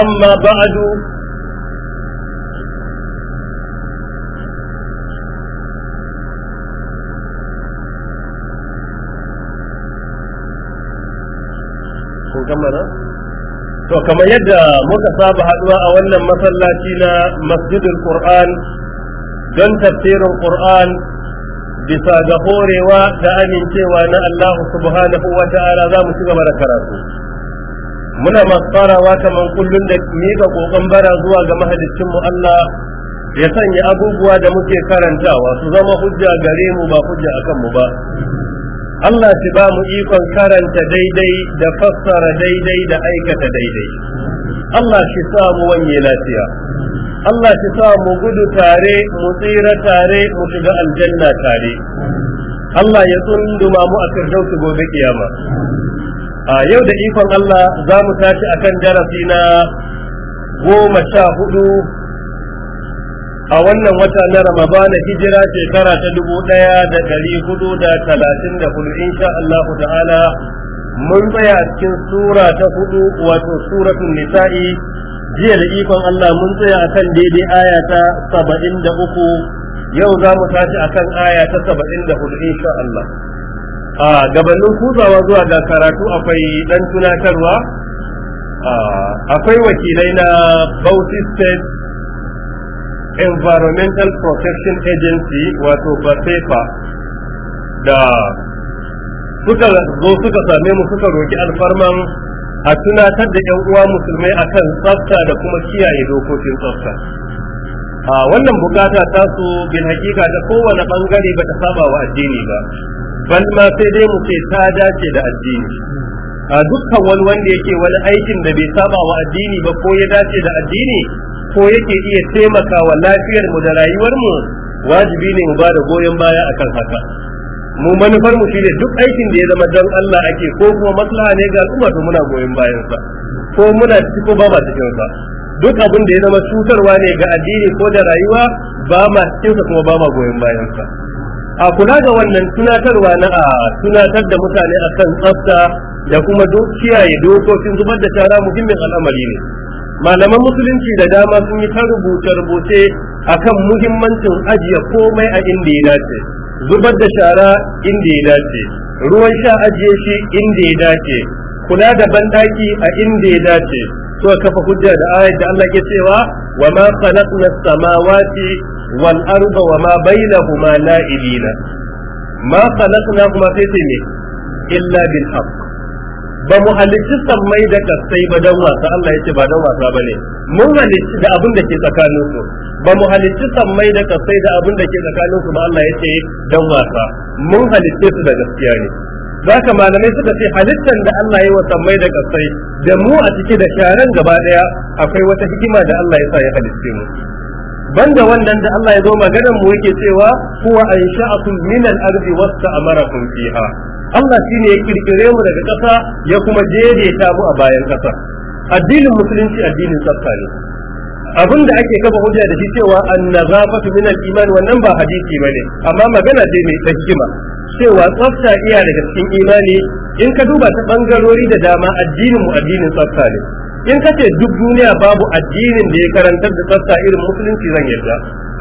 أما بعد to kamar yadda muka saba haɗuwa a wannan masallaci na masjidul qur'an don tafsirin qur'an bisa ga horewa da amincewa na Allah subhanahu wa ta'ala za mu ci gaba da karatu muna masu farawa kamar kullum da miƙa ƙoƙon bara zuwa ga mu Allah ya sanya abubuwa da muke karantawa su zama hujja gare mu ba hujja akan mu ba Allah shi ba mu ikon karanta daidai da fassara daidai da aikata daidai Allah shi sa mu wanye lafiya Allah shi sa mu gudu tare mu tsira tare mu shiga aljanna tare Allah ya tsunduma mu a firdausi gobe kiyama a yau da ikon Allah za mu tashi kan darasi na goma sha hudu a wannan wata na Ramadana hijira shekara ta dubu ɗaya da dari hudu da talatin da hudu insha Allah ta'ala mun tsaya a cikin sura ta hudu wato suratun nisa'i jiya da ikon Allah mun tsaya a kan daidai aya ta saba'in da uku yau za mu tashi akan aya ta saba'in da hudu insha Allah. a gabanin kuzawa zuwa ga karatu akwai dan tunatarwa akwai wakilai na Bauchi State Environmental Protection Agency wato BASEPA da suka zo suka same mu suka roki alfarman a tunatar da 'yan uwa musulmai akan tsafta da kuma kiyaye dokokin tsafta a wannan bukata ta su bin hakika da kowane bangare ba ta saba wa addini ba bal ma sai dai mu ce ta dace da addini a dukkan wani wanda yake wani aikin da bai saba wa addini ba ko ya dace da addini ko yake iya taimakawa lafiyar mu da rayuwar mu wajibi ne mu bada goyon baya akan haka mu manufar mu shine duk aikin da ya zama dan Allah ake ko kuma maslaha ne ga al'umma to muna goyon bayan sa ko muna cikin ko ba cikin sa duk abin da ya zama cutarwa ne ga addini ko da rayuwa ba ma cikin sa kuma ba ma goyon bayan sa a kula da wannan tunatarwa na a tunatar da mutane akan tsafta da kuma kiyaye dokokin zubar da shara muhimmin al'amari ne malaman musulunci da dama sun yi ta rubuce rubuce kan muhimmancin ajiye komai a inda ya dace zubar da shara inda ya dace ruwan sha ajiye shi inda ya dace kula da banɗaki a inda ya dace suka kafa hujja da ayat da Allah ke cewa wa ma khalaqna samawati wal arda wa ma bainahuma la'ibina ma khalaqna kuma sai ce ne illa bil haqq ba mu halicci sammai da kasai ba don wasa Allah ya ce ba don wasa ba ne mun halicci da abin da ke tsakanin su ba mu halicci sammai da kasai da abin da ke tsakanin su ba Allah ya ce don wasa mun halicce su da gaskiya ne zaka malamai suka ce halittan da Allah ya wa sammai da kasai da mu a cike da sharan gaba daya akwai wata hikima da Allah ya sa ya halitte mu banda wannan da Allah ya zo maganar mu yake cewa huwa ansha'akum min al-ardi wasta'amarakum fiha Allah shine ya kirkire mu daga kasa ya kuma daidaita mu a bayan kasa addinin musulunci addinin tsafta ne abin da ake kafa hujja da shi cewa annazafatu min al-iman wannan ba hadisi bane amma magana ce mai hikima cewa tsafta iya daga cikin imani in ka duba ta bangarori da dama addinin mu addinin tsafta ne in ka ce duk duniya babu addinin da ya karantar da tsafta irin musulunci zan yarda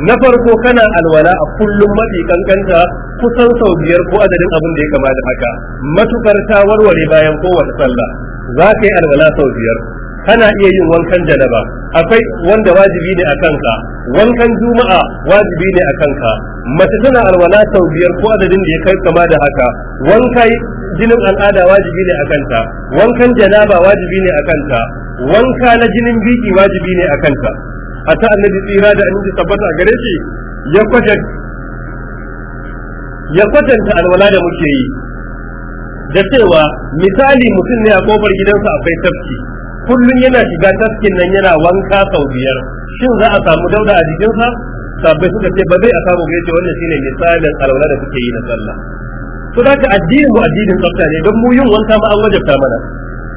na farko kana alwala a kullum mafi kankanta kusan sau biyar ko adadin abin da ya kama da haka matukar ta warware bayan kowace sallah za ka yi alwala sau biyar kana iya yin wankan janaba akwai wanda wajibi ne a kanka wankan juma'a wajibi ne a kanka mace tana alwala sau biyar ko adadin da ya kai kama da haka wankai jinin al'ada wajibi ne a kanta wankan janaba wajibi ne a kanta wanka na jinin biki wajibi ne a kanta a ta annabi tsira da annabi tabbata a gare shi ya kwatanta ya kwatanta alwala da muke yi da cewa misali mutum ne a kofar gidansa akwai tafki kullum yana shiga taskin nan yana wanka sau biyar shin za a samu dauda a jikinsa sabbai suka ce ba zai a samu ba yace wannan shine misalin alwala da kuke yi na sallah to da addinin mu addinin tsafta ne don mu yin wanka ma an wajabta mana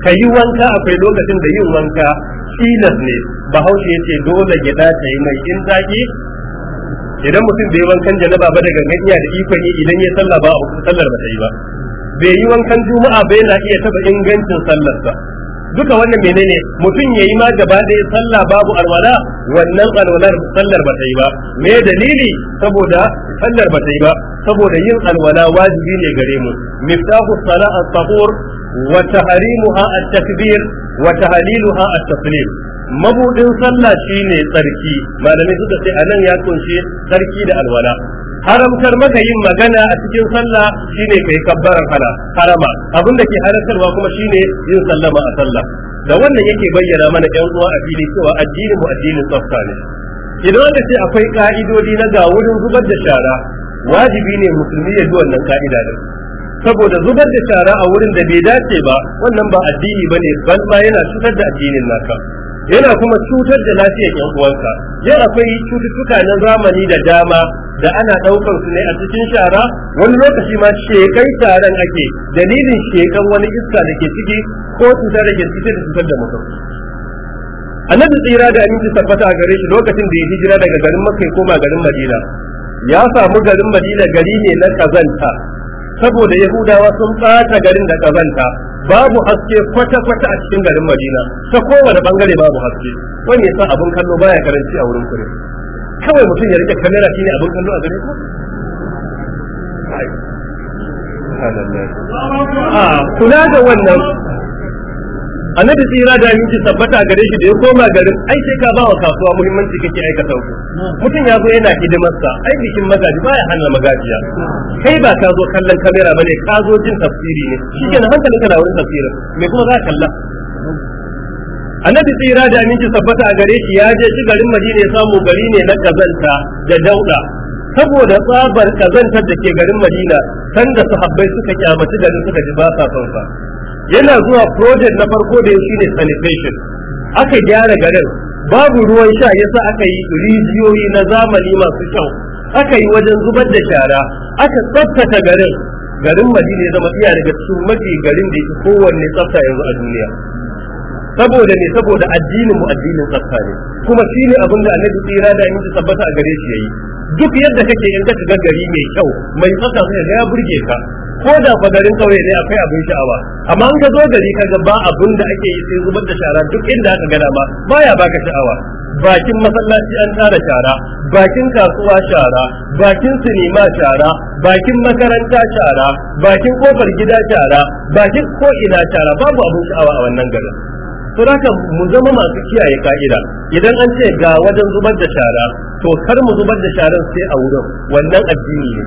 ka yi wanka akwai lokacin da yin wanka tilas ne bahaushe ya ce dole gida ta yi mai in zaki idan mutum bai wankan janaba ba daga ganiya da ikon yi idan ya sallah ba a sallar ba ta yi ba bai yi wankan juma'a bai na iya taba ingancin sallar ba. duka wannan menene mutum yayi ma gaba da sallah babu alwala wannan alwalar sallar ba ta yi ba me dalili saboda sallar ba ta yi ba saboda yin alwala wajibi ne gare mu miftahu salat at-tahur wa tahrimuha at-takbir wa tahliluha at-taslim mabudin sallah shine tsarki malamai suka ce anan ya kunshi tsarki da alwala haramtar maka yin magana a cikin sallah shine kai kabbaran hala harama abin da ke haramtarwa kuma shine yin sallama a sallah da wannan yake bayyana mana yan uwa a fili cewa addini mu addinin tsafta ne idan wanda ce akwai ka'idodi na ga wurin zubar da shara wajibi ne musulmi ya bi wannan ka'ida din saboda zubar da shara a wurin da bai dace ba wannan ba addini bane ban ba yana cutar da addinin naka yana kuma cutar da lafiyar yan uwansa yau akwai cututtuka na zamani da dama da ana daukar su ne a cikin shara wani lokaci ma shekai taron ake dalilin shekan wani iska da ke ciki ko cutar da ke ciki da cutar da mutum annabi tsira da aminci tabbata a gare shi lokacin da ya hijira daga garin makka koma garin madina ya samu garin madina gari ne na kazanta saboda yahudawa sun bata garin da kazanta babu haske kwata kwata a cikin garin Madina ta kowane bangare babu haske wani yasa abin kallo baya karanci a wurin kure kawai mutum ya rike kamera shine abin kallo a gare ku ah, kula da wannan annabi tsira da yake tabbata gare shi da ya koma garin ai sai ka bawa kasuwa muhimmanci kake aikata ku mutum ya zo yana hidimar sa ai bikin magaji baya hana magajiya kai ba ka zo kallon kamera bane ka zo jin tafsiri ne shikenan hankalin ka na wurin tafsirin me kuma za ka kalla annabi tsira da aminci tabbata a gare shi ya je shi garin madina ya samu gari ne na kazanta da dauda saboda tsabar kazantar da ke garin madina sanda sahabbai suka kyamaci garin suka ji ba sa son sa yana zuwa project na farko da shi ne sanitation aka gyara garin babu ruwan sha yasa aka yi rijiyoyi na zamani masu kyau aka yi wajen zubar da shara aka tsaftace garin garin madina ya zama iya daga cikin mafi garin da yake kowanne tsafta yanzu a duniya saboda ne saboda addinin mu addinin tsafta ne kuma shine abin da annabi tsira da yin tabbata a gare shi yayi duk yadda kake in ka shiga gari mai kyau mai tsaka sai ga ya burge ka ko da fa garin kauye ne akwai abin sha'awa amma in ka zo gari ka ga ba abin da ake yi sai zubar da shara duk inda aka gana ma baya baka sha'awa bakin masallaci an tara shara bakin kasuwa shara bakin sinima shara bakin makaranta shara bakin kofar gida shara bakin ko ina shara babu abin sha'awa a wannan garin haka mu zama masu kiyaye ka'ida idan an ce ga wajen zubar da shara to kar mu zubar da sharan sai a wurin wannan addini ne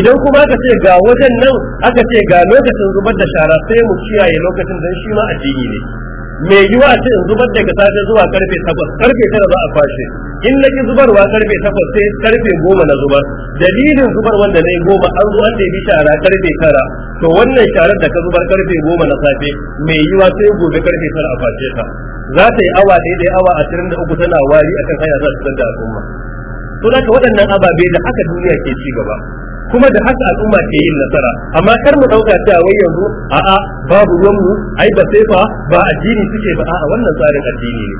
idan kuma aka ce ga wajen nan aka ce ga lokacin zubar da shara sai mu kiyaye lokacin don shi ma addini ne mai yiwa ce in zubar daga safe zuwa karfe takwas karfe tara za a kwashe in na ki zubarwa karfe takwas sai karfe goma na zubar dalilin zubar wanda na yi goma an zo an ɗebi shara karfe tara to wannan sharar da ka zubar karfe goma na safe mai yiwa sai gobe karfe tara a kwashe ka. za ta yi awa daidai awa ashirin da uku tana wari akan hanya za su da al'umma to da waɗannan ababe da haka duniya ke ci gaba kuma da haka al'umma ke yin nasara amma kar mu dauka cewa wai yanzu a'a babu ruwan mu ai ba sai fa ba addini suke ba a'a wannan tsarin addini ne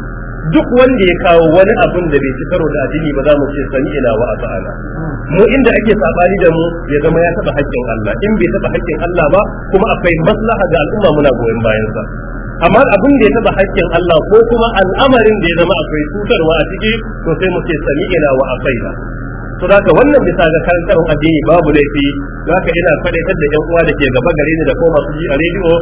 duk wanda ya kawo wani abun da bai ci karo da addini ba za mu ce sani ina wa asana mu inda ake sabani da mu ya zama ya taba haƙƙin Allah in bai taba haƙƙin Allah ba kuma akwai maslaha ga al'umma muna goyon bayan sa amma abin da ya taba haƙƙin Allah ko kuma al'amarin da ya zama akwai cutarwa a ciki to sai mu ce sami ina wa asaina to da wannan bisa ga karantar addini babu laifi za ka ina faɗaitar da yan uwa da ke gaba gare ni da ko masu ji a rediyo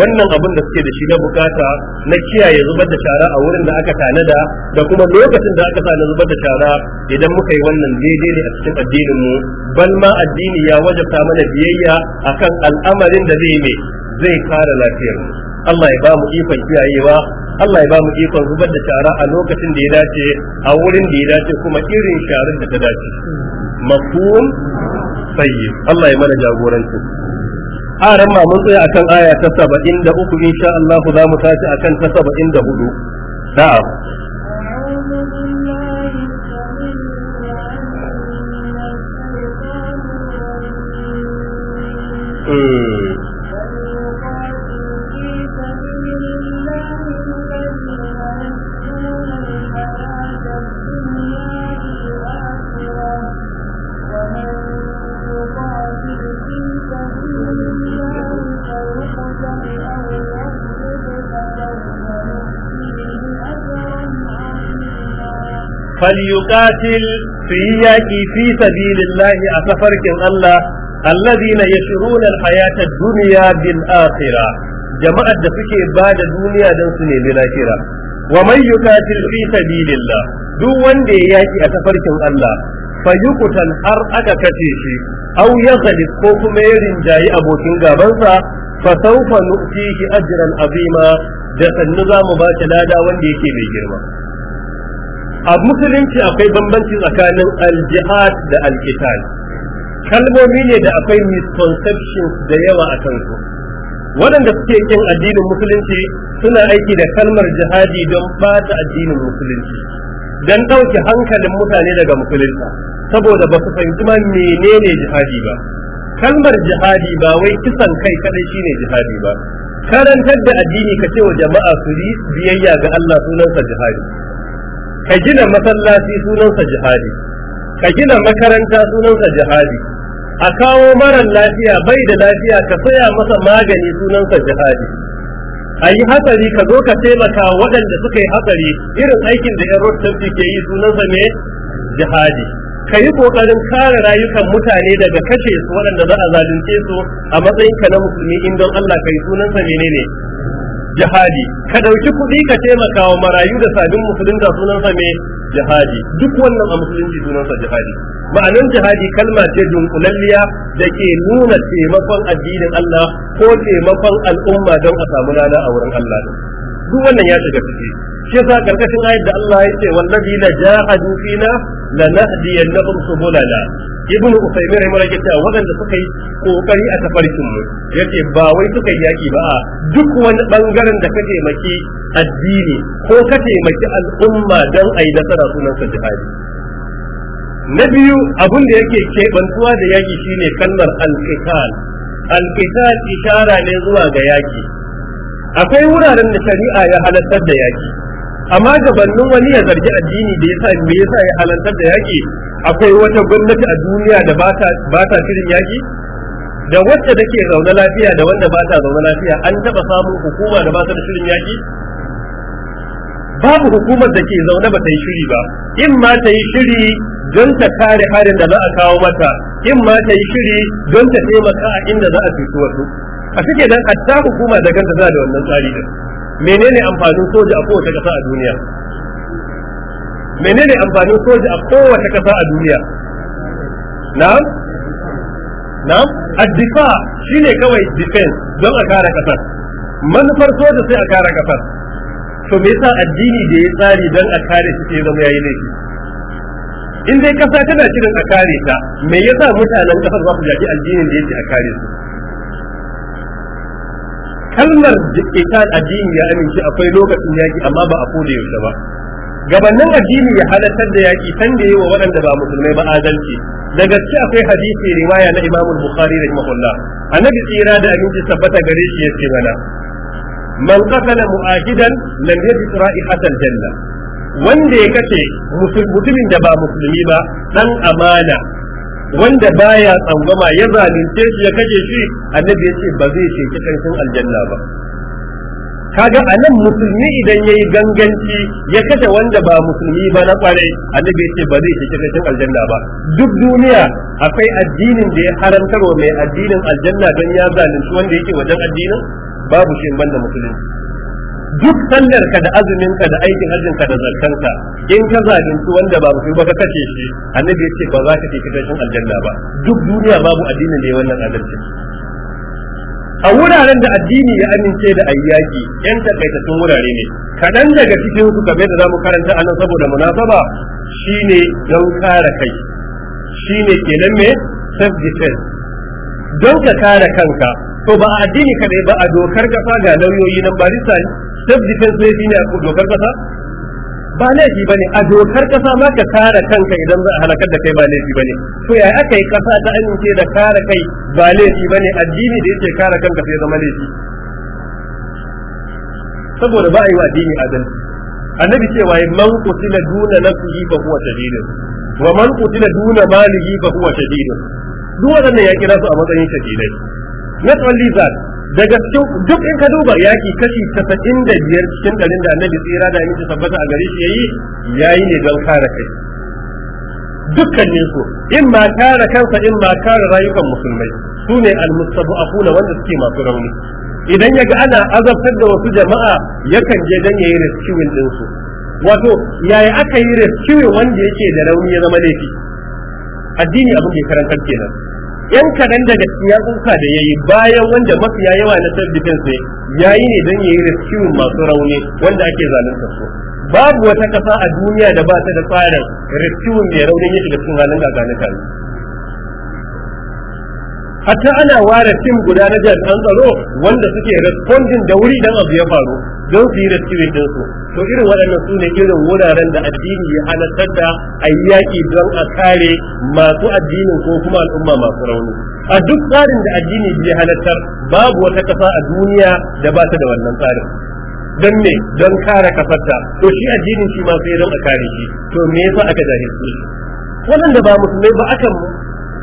wannan abin da suke da shi na bukata na kiyaye zubar da shara a wurin da aka tanada da kuma lokacin da aka sa na zubar da shara idan muka yi wannan daidai ne a cikin addinin mu bal ma addini ya wajabta mana biyayya akan al'amarin da zai ne zai fara lafiyar mu Allah ya ba mu ikon kiyayewa Allah ya ba mu ikon zubar da shara a lokacin da ya dace a wurin da ya dace kuma irin sharar da ta dace mafhum tayyib Allah ya mana jagoranci a ran ma mun tsaya akan aya ta 73 insha Allah za mu tashi akan ta 74 na'am Mm. falyuqatil suyi yaƙi fi sabilillah a tafarkin Allah alladhina yashruna alhayata ad-dunya bil akhirah jama'ar da suke ba da duniya don su nemi lahira wa man yuqatil fi sabilillah duk wanda ya yaki a tafarkin Allah fayukutan har aka kace shi aw yazali ko kuma ya rinjayi abokin gabansa fa sawfa nu'tihi ajran azima da sannu za mu ba shi lada wanda yake mai girma a musulunci akwai bambanci tsakanin al-jihad da al-qital kalmomi ne da akwai misconceptions da yawa a kansu waɗanda suke kin addinin musulunci suna aiki da kalmar jihadi don bata addinin musulunci don ɗauki hankalin mutane daga musulunta saboda ba su fahimci ma menene jihadi ba kalmar jihadi ba wai kisan kai kadai shine jihadi ba karantar da addini ka ce wa jama'a su yi biyayya ga Allah sunansa jihadi ka gina masallaci sunansa jihadi ka gina makaranta sunansa jihadi a kawo marar lafiya bai da lafiya ka saya masa magani sunansa jihadi a yi hatsari ka zo ka taimaka waɗanda suka yi hatsari irin aikin da 'yan tafi ke yi sunansa ne jihadi ka yi kokarin kare rayukan mutane daga kashe su waɗanda za a zalunce su a matsayin ka na musulmi in don Allah kai sunansa menene jihadi ka dauki kuɗi ka taimaka wa marayu da sabin musulunta sunansa me jihadi duk wannan a musulunci sunansa jihadi ma'anin jihadi kalma ce dunkulalliya da ke nuna taimakon addinin Allah ko taimakon al'umma don a samu lada a wurin Allah duk wannan ya shiga ciki shi yasa karkashin ayat da Allah ya ce wallazi la jahadu fina lanahdiyannahum subulana ibnu usaymin rahimahullah yake cewa wadanda suka yi kokari a tafarkin mu yace ba wai suka yi yaki ba a duk wani bangaren da ka taimaki addini ko ka taimaki al'umma dan ayi nasara sunan sa jihadi na biyu abin da yake keɓantuwa da yaki shine kalmar al-qital al ishara ne zuwa ga yaƙi. akwai wuraren da shari'a ya halartar da yaki amma gabanin wani ya zargi addini da yasa me yasa ya halartar da yaki akwai wata gwamnati a duniya da ba ta shirin yaki da wacce take zaune lafiya da wanda ba ta zaune lafiya an taba samun hukuma da ba ta da shirin yaki babu hukumar da ke zaune ba ta yi shiri ba in ma ta yi shiri don ta kare harin da za a kawo mata in ma ta yi shiri don ta taimaka a inda za a fito wasu a take dan a ta hukuma da kanta za da wannan tsari din menene amfanin soja a kowace kasa a duniya menene amfanin soja a kowace kasa a duniya na'am na'am addifa shine kawai defense don a kare kasar manufar soja sai a kare kasar to me yasa addini da ya tsari don a kare shi ke zama yayi laifi in dai kasa tana shirin a kare ta me yasa mutanen kasar za su jaji addinin da yake a kare su kalmar ita addini ya amince akwai lokacin yaki amma ba a koda yaushe ba gabanin addini ya halartar da yaki san da yawa waɗanda ba musulmai ba adalci da gaske akwai hadisi riwaya na Imam Bukhari rahimahullah annabi tsira da aminci tabbata gare shi yace mana man qatala mu'ahidan lam yajid ra'ihatal janna wanda ya kace mutumin da ba musulmi ba dan amana wanda baya tsangwama ya zalunce shi ya kashe shi annabi ya ce ba zai ki kanshin aljanna ba kaga anan musulmi idan yayi ganganci ya kashe wanda ba musulmi ba na kware, annabi ya ce ba zai ki kanshin aljanna ba duk duniya akwai addinin da ya harantarwa mai addinin aljanna don ya zalunci wanda yake wajen addinin babu shi da musulunci duk sallar ka da azumin ka da aikin hajjin ka da zakkan ka in ka zalunci wanda ba mutum ba ka kace shi annabi yace ba za ka tafi cikin aljanna ba duk duniya babu addini ne wannan adalci a wuraren da addini ya amince da ayyaki yan takaitattun wurare ne kaɗan daga cikin su kamar da zamu karanta anan saboda munasaba shine don kare kai shine kenan me self defense don ka kare kanka to ba a addini kadai ba a dokar kasa ga lauyoyi nan barista self defense ne shine a dokar kasa ba laifi bane a dokar kasa ma ka kare kanka idan za a halakar da kai ba laifi bane to yaya aka yi kasa ta amince da kare kai ba laifi bane addini da yake kare kanka sai zama laifi saboda ba a yi wa addini adal annabi cewa man kutila duna nafsihi fa huwa shadidun wa man kutila duna malihi fa huwa shadidun duk wannan ya kira su a matsayin shadidai not only that daga cikin duk in ka duba yaki kashi tasa'in da biyar cikin ɗarin da annabi tsira da aminci tabbata a gare shi yayi yayi ne don kare kai dukkanin su in ma kare kansa in ma kare rayukan musulmai su ne almustabu'afuna wanda suke masu rauni idan ya ana azabtar da wasu jama'a yakan je dan yayi rescuing din su wato yaya aka yi rescuing wanda yake da rauni ya zama laifi addini abin da ya karantar kenan yan kadan daga cikin yatsunsa da yayi bayan wanda mafiya yawa na self defense yayi ne dan yayi rescue masu rauni wanda ake zalunta su babu wata kasa a duniya da ba ta da tsarin rescue mai rauni yake da cikin halin gaganin kai hatta ana ware tim guda na jami'an tsaro wanda suke responding da wuri dan abu ya faru don su yi rescue din su to irin waɗannan su ne irin wuraren da addini ya halatta da a yi yaƙi don a kare masu addinin ko kuma al'umma masu rauni a duk tsarin da addini ya halatta babu wata ƙasa a duniya da ba ta da wannan tsarin don me don kare kafarta to shi addinin shi ma sai don a kare shi to me yasa aka jahilci waɗanda ba musulmai ba akan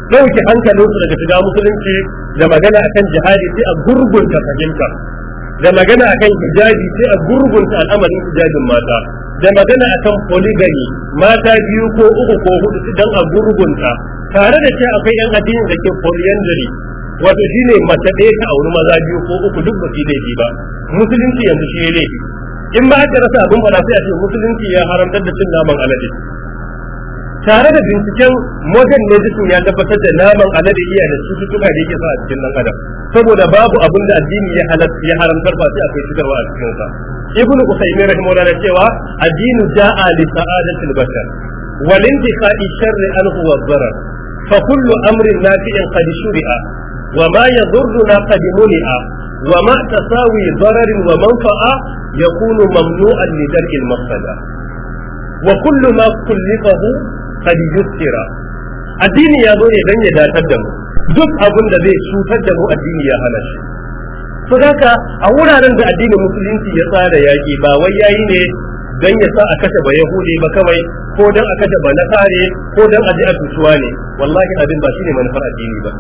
ɗauke hankalinsu daga shiga musulunci da magana akan jihadi sai a gurgunta fahimta da magana akan hijabi sai a gurgunta al'amarin hijabin mata da magana akan polygamy mata biyu ko uku ko hudu dan a gurgunta tare da cewa akwai yan addinin da ke polyandry wato shine mace ɗaya ta auri maza biyu ko uku duk ba su laifi ba musulunci yanzu shi ne in ba aka rasa abin fara sai a ce musulunci ya haramtar da cin naman alade tare da binciken modern medicine ya tabbatar da naman alade iya da cututtuka da yake sa a cikin dan adam saboda babu abin da addini ya halatta ya haramtar ba sai akwai cutarwa a cikin sa ibnu usaymin rahimahullah da cewa addinu ja'a li sa'adatil bashar wal intiqa'i sharri anhu wa dharar fa kullu amrin nafi'in qad shuri'a wa ma yadurruna qad muni'a wa ma tasawi dararin wa manfa'a yakunu mamnu'an li dar'il mafsada wa kullu ma kullifahu qad yusira addini ya zo ne dan ya datar da mu duk abin da zai cutar da mu addini ya hana shi to haka a wuraren da addinin musulunci ya tsara yaki ba wai yayi ne dan ya sa a kashe ba yahudi ba kawai ko dan a kashe ba nasare ko dan a a tutuwa ne wallahi abin ba shine manufar addini ba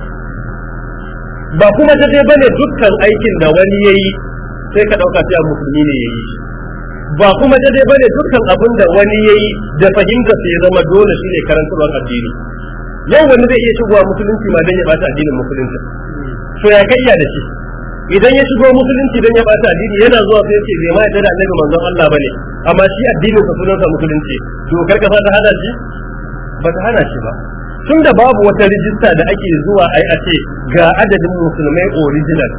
ba kuma ta dai bane dukkan aikin da wani yayi sai ka dauka a musulmi ne yayi ba kuma daidai bane dukkan abin da wani yayi da fahimta sai ya zama dole shi ne karantarwar addini yau wani zai iya shigowa musulunci ma dan ya bata addinin musulunci to ya kayya da shi idan ya shigo musulunci dan ya bata addini yana zuwa sai ce bai ma yadda da annabi manzon Allah bane amma shi addinin sa sunansa musulunci dokar ka ta hada shi ba ta hana shi ba tun da babu wata rijista da ake zuwa ai a ce ga adadin musulmai original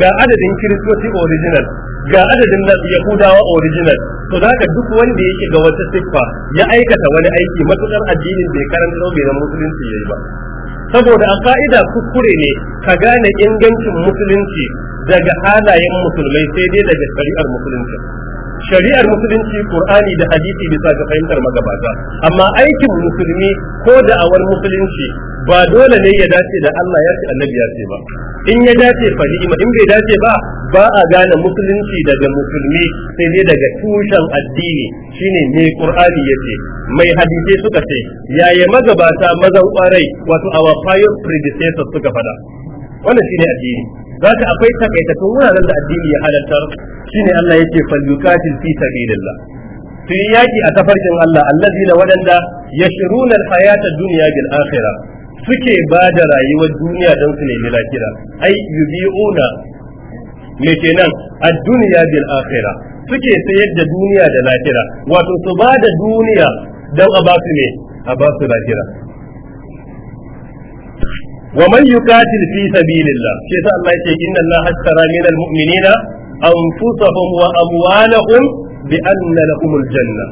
ga adadin kiristoci original ga adadin na yahudawa original to da ka duk wanda yake ga wata siffa ya aikata wani aiki matukar addinin bai karanta bai na musulunci yayi ba saboda a fa'ida, kuskure ne ka gane ingancin musulunci daga halayen musulmai sai dai daga shari'ar musulunci shari'ar musulunci qur'ani da hadisi bisa ga fahimtar magabata amma aikin musulmi ko da'awar musulunci ba dole ne ya dace da Allah ya ce annabi ya ce ba in ya dace fa in bai dace ba ba a gane musulunci daga musulmi sai dai daga tushen addini shine me qur'ani yace mai hadisi suka ce yaya magabata mazan kwarai wato our prior predecessors suka fada wannan shine addini zaka akwai takaitattun wuraren da addini ya halartar shine Allah yake falyukatil fi sabilillah su yi yaki a tafarkin Allah allazina waɗanda yashruna hayata duniya bil akhirah suke ba da rayuwar duniya don su nemi lakira ai yubi'una me kenan ad-dunya bil akhirah suke sayar da duniya da lafira, wato su ba da duniya don a ba su ne a ba su lakira wa man yuqatil fi sabilillah shi yasa Allah yake inna Allah hasara min muminina anfusahum wa amwalahum bi anna lahumul janna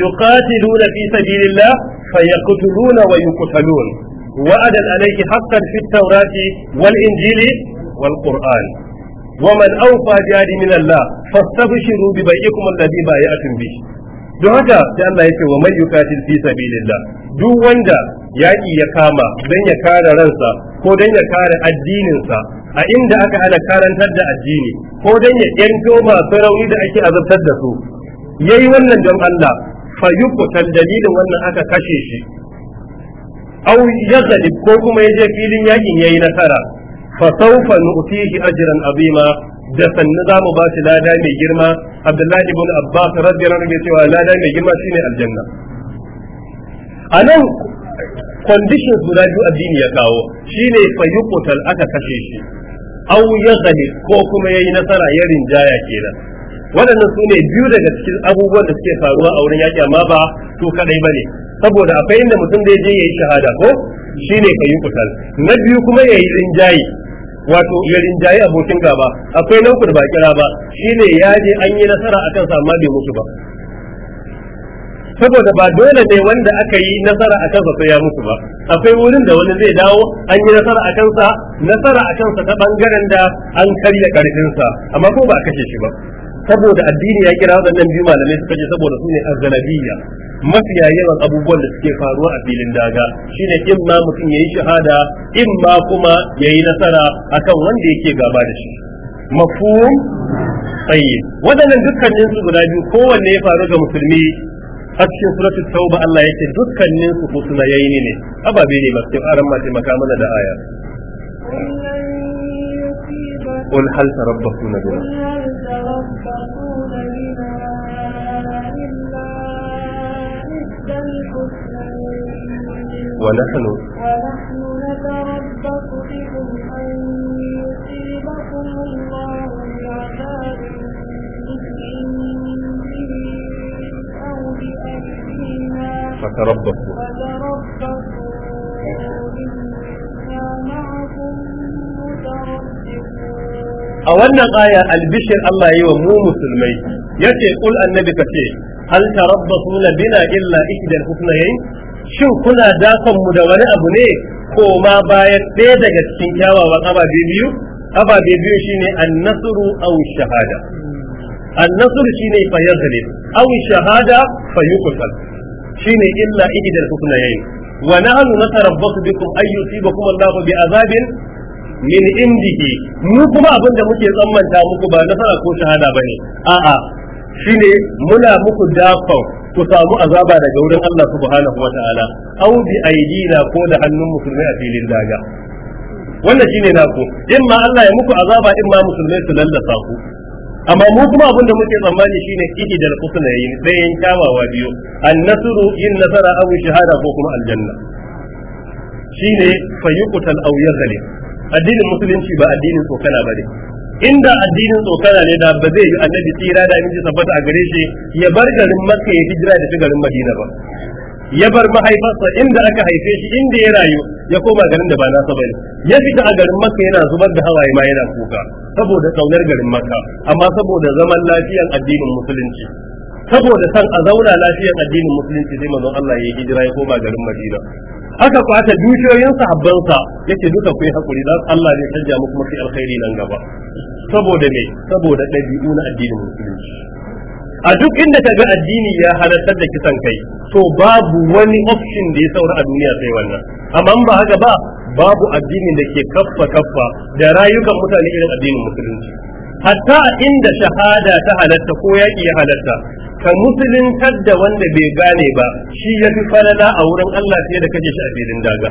yuqatiluna fi sabilillah fayaqtuluna wa yuqtalun وعدا عليه حقا في التوراة والإنجيل والقرآن ومن أوفى جاد من الله فاستبشروا ببيعكم الذي بايعتم به don haka sai Allah ya ce wa mai yukatil fi sabilillah duk wanda yaki ya kama dan ya kare ransa ko dan ya kare addininsa a inda aka hana karantar da addini ko dan ya yanto masu rauni da ake azabtar da su yayi wannan don Allah fa yuqtal dalilin wannan aka kashe shi aw yazalib ko kuma yaje filin yakin yayi nasara fa sawfa nu'tihi ajran azima da sannu za mu ba shi lada mai girma abdullahi ibn abbas radiyallahu anhu cewa lada mai girma shine aljanna anan conditions guda biyu addini ya kawo shine fa yuqtal aka kashe shi aw yaghli ko kuma yayi nasara ya rinjaya kenan waɗannan su ne biyu daga cikin abubuwan da suke faruwa a wurin yaƙi amma ba su kadai ba ne saboda akwai inda mutum da ya je ya yi shahada ko shine ne ka na biyu kuma ya yi rinjaye wato ya rinjaye abokin gaba akwai nauku ba kira ba shine ya je an yi nasara a kan amma bai mutu ba saboda ba dole ne wanda aka yi nasara a kansa sai ya mutu ba akwai wurin da wani zai dawo an yi nasara a kansa nasara a kansa ta bangaren da an karya karfinsa amma ko ba a kashe shi ba saboda addini ya kira waɗannan biyu malamai suka ce saboda su ne azzanabiyya mafiya yawan abubuwan da suke faruwa a filin daga shine in ma mutum yayi shahada in ma kuma yayi nasara akan wanda yake gaba da shi mafhum tayyib waɗannan dukkanin su guda biyu kowanne ya faru ga musulmi a cikin suratul tauba Allah yake dukkanin su husna yayi ne ababe ne masu aran ma taimaka mana da aya قل هل تربصون بنا يتربصون إلا الحسنين ونحن ونحن نتربص بكم أن يصيبكم الله بعذاب من عنده أو بأهلنا فتربصوا a wannan aya albishir Allah yi wa mu musulmai yace kul annabi kace hal tarabbasuna bina illa ihdal husnayn shin kuna dafan mu da wani abu ne ko ma bayan ɗaya daga cikin kyawawan ababe biyu ababe biyu shine an-nasru aw shahada an-nasru shine fa yazlim aw shahada fa yuqtal shine illa ihdal husnayn wa nahnu natarabbasu bikum ay yusibakum Allahu bi azabin min indihi mu kuma abin da muke tsammanta muku ba nasara ko shahada bane a'a shine muna muku dafa ku samu azaba daga wurin Allah subhanahu wa ta'ala au bi aidina ko da hannun musulmai a filin daga wannan shine naku in ma Allah ya muku azaba in ma musulmai su lallasa ku amma mu kuma abin da muke tsammani shine ihi da kusuna yin dayan kyawawa biyu annasru yin nasara aw shahada ko kuma aljanna shine fayuqtal aw addinin musulunci ba addinin tsokana ba ne inda addinin tsokana ne da ba zai yi annabi tsira da aminci tabbata a gare shi ya bar garin makka ya hijira da garin madina ba ya bar mahaifarsa inda aka haife shi inda ya rayu ya koma garin da ba nasa bane ya fita a garin makka yana zubar da hawaye ma yana kuka saboda kaunar garin makka amma saboda zaman lafiyan addinin musulunci saboda san a zauna lafiyan addinin musulunci sai manzon Allah ya hijira ya koma garin Madina aka kwata dukiyoyin sahabbansa yake duka ku yi hakuri dan Allah zai canja muku mafi alkhairi nan gaba saboda me saboda dabi'u na addinin musulunci a duk inda ka ga addini ya halartar da kisan kai to babu wani option da ya saura a duniya sai wannan amma ba haka ba babu addinin da ke kaffa kaffa da rayukan mutane irin addinin musulunci hatta inda shahada ta halatta ko yaƙi ya halatta ka musuluntar da wanda bai gane ba shi ya fi falala a wurin Allah fiye da kashe shi a filin daga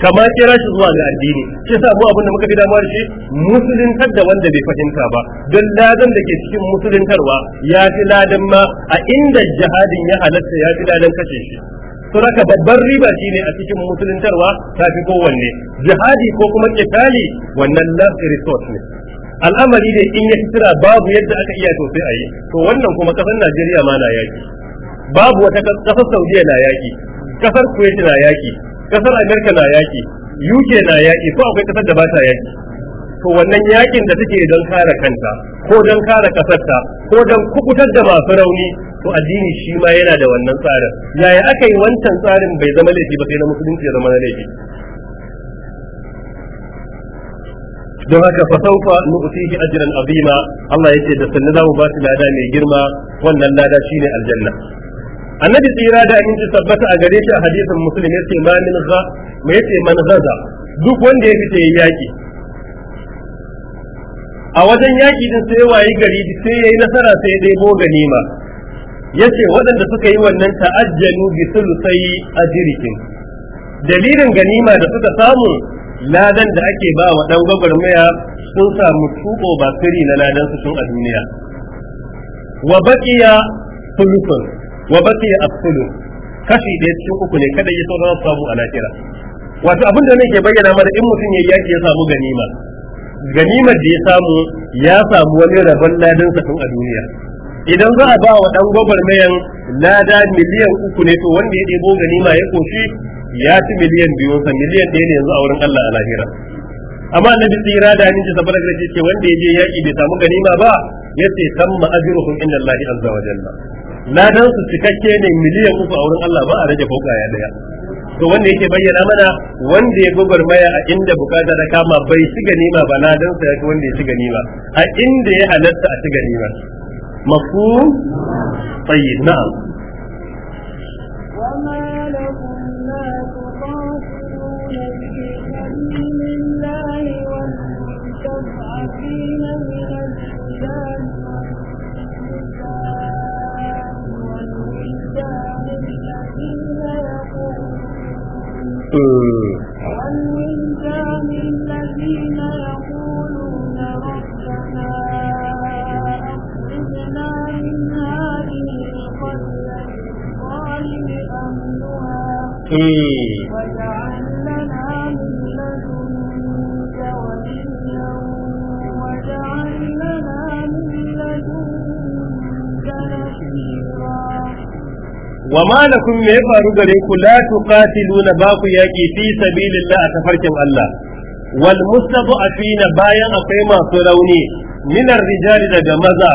kama kira shi zuwa ga addini shi sa mu abin da muka fi damuwa shi musuluntar da wanda bai fahimta ba don ladan da ke cikin musuluntarwa ya fi ladan ma a inda jihadin ya halatta ya fi ladan kashe shi suraka babbar riba shine a cikin musuluntarwa ta fi kowanne jihadi ko kuma kitali wannan last resource ne al'amari ne in ya tsira babu yadda aka iya to sai a yi to wannan kuma kasar najeriya ma na yaki babu wata kasar saudiya na yaki kasar kuwait na yaki kasar amerika na yaki uk na yaki ko akwai kasar da ba ta yaki to wannan yakin da suke don kare kanta ko don kare ta, ko don kubutar da masu rauni to addini shi ma yana da wannan tsarin yaya aka yi wancan tsarin bai zama laifi ba sai na musulunci ya zama na laifi don haka fa nu'tihi ajran azima Allah yake da sanna za mu ba shi lada mai girma wannan lada shine aljanna annabi tsira da in ji tabbata a gare shi a hadisin muslim yace ma min gha ma yace man ghaza duk wanda ya fita yayi yaki a wajen yaki din sai wayi gari sai yayi nasara sai ya debo ganima yace waɗanda suka yi wannan ta'ajjalu bi sulusai ajrikin dalilin ganima da suka samu ladan da ake ba wa dan gwagwarmaya sun samu tuko ba siri na ladan su tun a duniya wa baqiya thuluthun wa baqiya as kashi da cikin uku ne kada ya da samu a lakira wato abin da nake bayyana mana in mutum ya yake ya samu ganima ganimar da ya samu ya samu wani rabon ladan sa tun a duniya idan za a ba wa dan gwagwarmayan lada miliyan uku ne to wanda ya debo ganima ya koshi ya ci miliyan biyu sa miliyan ɗaya ne yanzu a wurin Allah a lahira amma annabi tsira da ninci fara da ce wanda ya je yaƙi bai samu ganima ba Ya ce tamma ajruhum inda Allah azza wa jalla ladan su cikakke ne miliyan uku a wurin Allah ba a rage ko ya daya to wanda yake bayyana mana wanda ya maya a inda bukata da kama bai ci ganima ba ladan sa wanda ya ci ganima a inda ya halatta a ci ganima mafhum tayyib na'am wa ma lakum me faru gare ku la tuqatiluna ba ku yaki fi sabilillah a tafarkin Allah wal mustada'afina bayan akwai masu rauni min ar-rijal daga maza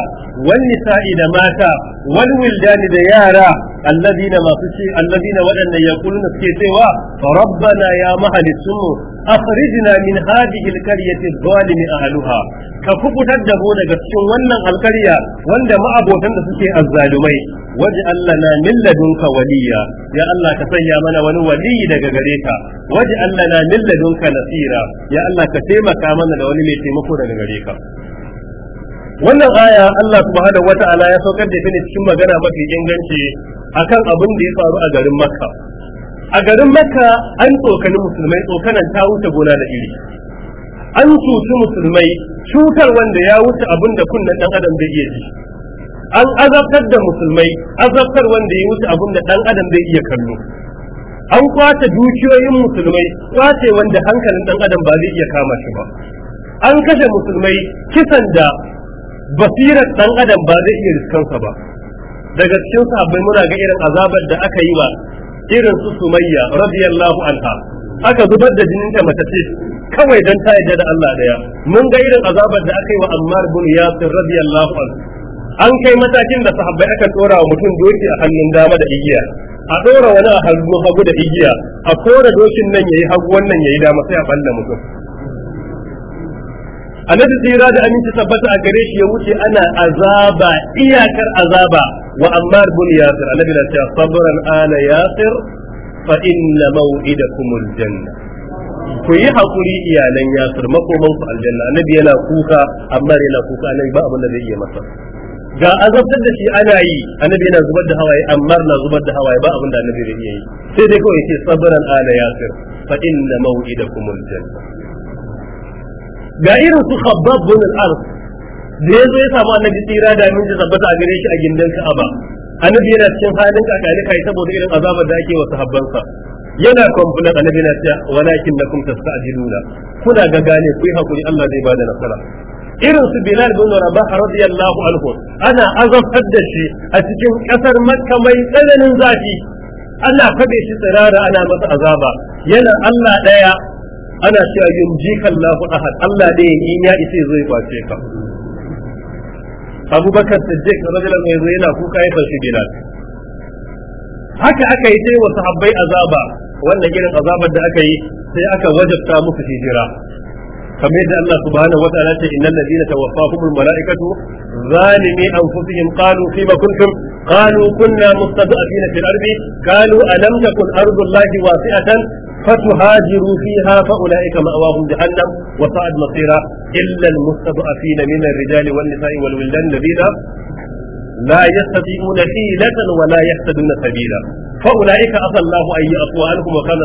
wal nisa'i da mata wal wildani da yara alladina masu ce alladina waɗanda yaquluna suke cewa rabbana ya mahalisu akhrijna min hadhihi al-qaryati a dhalimi ahluha ka kubutar da mu daga cikin wannan alkarya wanda ma'abotan da suke azzalumai waj'al lana min ladunka waliya ya Allah ka sanya mana wani waliyyi daga gare ka Allah na min ladunka nasira ya Allah ka taimaka mana da wani mai taimako daga gare ka wannan aya Allah subhanahu wata'ala ya saukar da ni cikin magana mafi inganci akan abin da ya faru a garin Makka a garin Makka an tsokani musulmai tsokanan ta wuce gona da iri an cuci musulmai cutar wanda ya wuce abin da kunnen dan adam da iya ji an azabtar da musulmai azabtar wanda ya wuce abin da dan adam zai iya kallo an kwace dukiyoyin musulmai kwace wanda hankalin dan adam ba zai iya kama shi ba an kashe musulmai kisan da basirar dan adam ba zai iya riskansa ba daga cikin sahabbai muna ga irin azabar da aka yi wa irin su sumayya radiyallahu anha aka zubar da jinin ta mace ce kawai don ta yarda da Allah daya mun ga irin azabar da aka yi wa Ammar bin Yasir radiyallahu anhu an kai matakin da sahabbai aka tsora wa mutum doki a hannun dama da igiya a tsora wani a hannun hagu da igiya a kora dokin nan yayi hagu wannan yayi dama sai a balla mutum annabi tsira da aminci tabbata a gare shi ya wuce ana azaba iyakar azaba wa ammar bun yasir annabi na cewa sabran ala yasir fa inna maw'idakumul janna ku yi hakuri iyalan yasir makoman aljanna annabi yana kuka amma yana kuka annabi ba abin da zai iya masa ga azabtar da shi ana yi annabi yana zubar da hawaye amma na zubar da hawaye ba abin da annabi zai yi sai dai kawai yake sabran ala yasir fa inna maw'idakum ga irin su khabbab bin al-arq da yazo ya samu annabi tsira da mun ji tabbata a gare shi a gindin ka'aba annabi yana cikin halin kakani kai saboda irin azabar da ake wa sahabbansa yana kwamfulan annabi na cewa walakin lakum tasta'jiluna kuna ga gane ku yi hakuri Allah zai bada nasara irin su bilal bin rabah radiyallahu anhu ana azabtar da shi a cikin kasar makka mai tsananin zafi ana faɗe shi tsirara ana masa azaba yana Allah ɗaya ana cewa yunjika ahad Allah ɗaya in ya ise zai kwace ka Abu Bakar Siddiq radiyallahu anhu yana kuka ya fashi Bilal haka aka yi sai wasu habbai azaba wannan irin azabar da aka yi sai aka wajabta musu hijira kamar yadda Allah subhanahu wataala ce innal ladina tawaffahumul malaikatu zalimi anfusihim qalu fima kuntum qalu kunna mustad'afina fil ardi qalu alam takun ardullahi wasi'atan فتهاجروا فيها فأولئك مأواهم جهنم وساءت مصيرا إلا المستضعفين من الرجال والنساء والولدان الذين لا يستطيعون حيلة ولا يهتدون سبيلا فأولئك عسى الله أن يعفو عنهم وكان